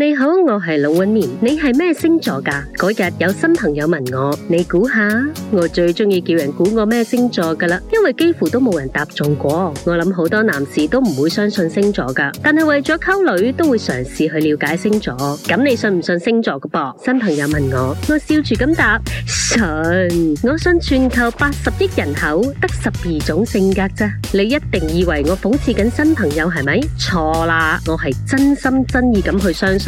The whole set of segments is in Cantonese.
你好，我係龍紋敏。你係咩星座噶？嗰日有新朋友問我，你估下，我最中意叫人估我咩星座噶啦，因為幾乎都冇人答中過。我諗好多男士都唔會相信星座噶，但係為咗溝女，都會嘗試去了解星座。咁你信唔信星座噶噃？新朋友問我，我笑住咁答：信。我信全球八十億人口得十二種性格咋？你一定以為我諷刺緊新朋友係咪？錯啦，我係真心真意咁去相信。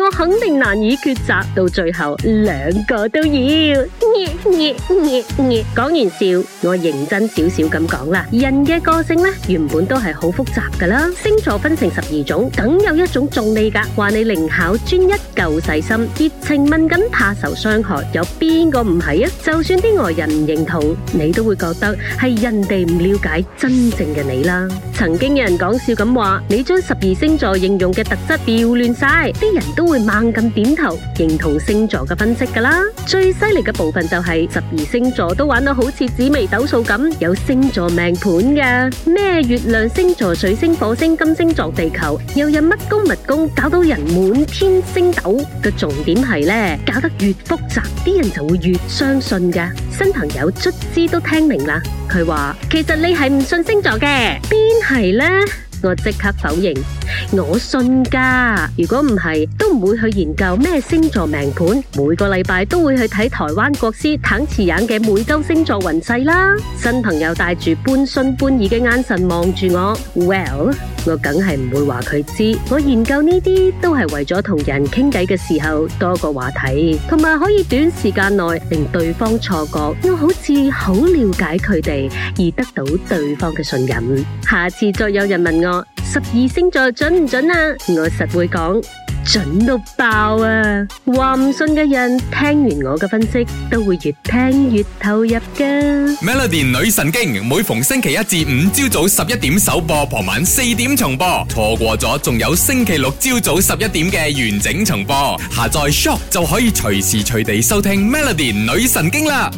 我肯定難以抉擇，到最後兩個都要。講、嗯嗯嗯嗯、完笑，我認真少少咁講啦。人嘅個性咧，原本都係好複雜噶啦。星座分成十二種，梗有一種重你噶，話你靈巧、專一、夠細心、熱情、敏感、怕受傷害，有邊個唔係啊？就算啲外人唔認同，你都會覺得係人哋唔了解真正嘅你啦。曾經有人講笑咁話，你將十二星座形容嘅特質調亂晒，啲人，人都會猛咁點頭認同星座嘅分析噶啦，最犀利嘅部分就係十二星座都玩到好似紫微斗數咁，有星座命盤嘅咩月亮星座、水星火星金星座、地球，又有乜公乜公，搞到人滿天星斗。個重點係咧，搞得越複雜，啲人就會越相信嘅。新朋友卒之都聽明啦，佢話其實你係唔信星座嘅，邊係咧？我即刻否認。我信㗎，如果唔係，都唔會去研究咩星座命盤。每個禮拜都會去睇台灣國師滕慈眼嘅每周星座運勢啦。新朋友帶住半信半疑嘅眼神望住我，Well，我梗係唔會話佢知。我研究呢啲都係為咗同人傾偈嘅時候多個話題，同埋可以短時間內令對方錯覺我好似好了解佢哋，而得到對方嘅信任。下次再有人問我。十二星座準唔準啊？我實會講，準到爆啊！話唔信嘅人聽完我嘅分析，都會越聽越投入㗎。Melody 女神經每逢星期一至五朝早十一點首播，傍晚四點重播。錯過咗，仲有星期六朝早十一點嘅完整重播。下載 Shop 就可以隨時隨地收聽 Melody 女神經啦。